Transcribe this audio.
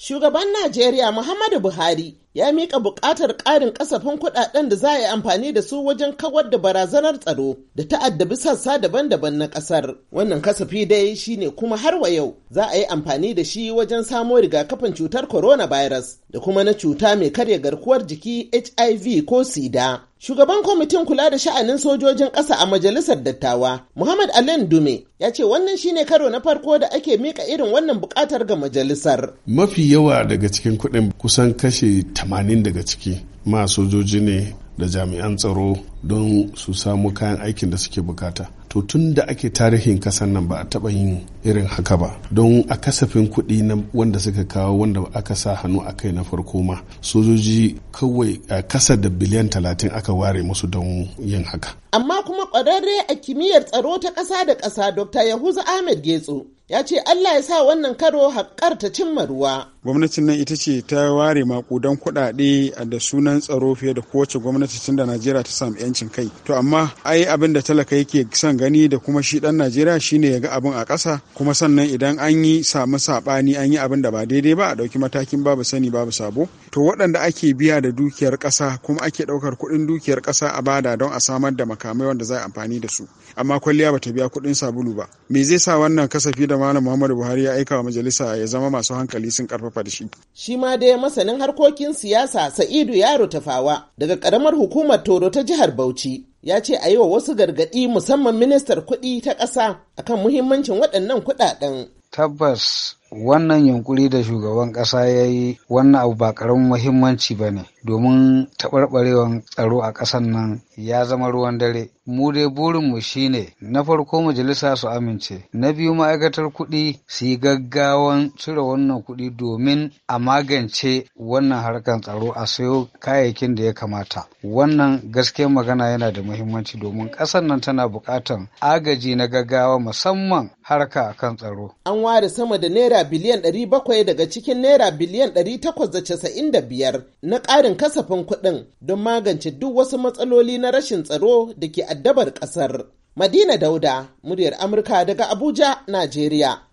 Shugaban Najeriya Muhammadu Buhari ya mika buƙatar ƙarin kasafin kuɗaɗen da za a yi amfani da su wajen kawar da barazanar tsaro da ta'addabi sassa daban-daban na ƙasar. Wannan kasafi dai shine kuma har wa yau za a yi amfani da shi wajen samo rigakafin cutar coronavirus da kuma na cuta mai karya garkuwar jiki HIV ko sida. Shugaban kwamitin kula da sha'anin sojojin ƙasa a majalisar dattawa, Muhammad Alain Dume, ya ce wannan shine karo na farko da ake mika irin wannan buƙatar ga majalisar. Mafi yawa daga cikin kuɗin kusan kashe 80 daga ciki ma sojoji ne da jami'an tsaro don su samu kayan aikin da suke bukata to tun da ake tarihin kasan nan ba a taɓa yin irin haka ba don a kasafin kuɗi na wanda suka kawo wanda aka sa hannu a kai na farko ma sojoji kawai a kasa da biliyan talatin aka ware musu don yin haka amma kuma ƙwararre a kimiyyar tsaro ta ƙasa da ƙasa dr yahuza ahmed getso ya ce allah ya sa wannan karo haƙar ta cimma ruwa gwamnatin nan ita ce ta ware makudan kuɗaɗe da sunan tsaro fiye da kowace gwamnati tun da najeriya ta samu yancin kai to amma ai abin da talaka yake son gani da kuma shi dan najeriya shine ya ga abin a kasa kuma sannan idan an yi samu saɓani an yi abin da ba daidai ba a ɗauki matakin babu sani babu sabo to waɗanda ake biya da dukiyar ƙasa kuma ake ɗaukar kuɗin dukiyar ƙasa a bada don a samar da makamai wanda za a amfani da su amma kwalliya ba ta biya kuɗin sabulu ba me zai sa wannan kasafi da malam muhammadu buhari ya aika wa majalisa ya zama masu hankali sun karfafa karfafa da shi. Shi ma dai masanin harkokin siyasa Sa'idu Yaro Tafawa daga karamar hukumar Toro ta jihar Bauchi ya ce a yi wa wasu gargaɗi musamman ministar kuɗi ta ƙasa akan muhimmancin waɗannan kuɗaɗen. Tabbas wannan yunkuri da shugaban ƙasa ya yi wannan abu ba ƙaramin muhimmanci ba ne domin taɓarɓarewar tsaro a ƙasar nan ya zama ruwan dare mu dai burinmu shine na farko majalisa su amince na biyu ma'aikatar kuɗi su yi gaggawan cire wannan kuɗi domin a magance wannan harkar tsaro a sayo kayayyakin da ya kamata wannan gaske magana yana da muhimmanci domin ƙasar nan tana buƙatan agaji na gaggawa musamman harka kan tsaro an ware sama da naira naira biliyan 700 daga cikin naira biliyan 895 na ƙarin kasafin kuɗin don magance duk wasu matsaloli na rashin tsaro da ke addabar ƙasar. Madina Dauda, muryar Amurka daga Abuja, Najeriya.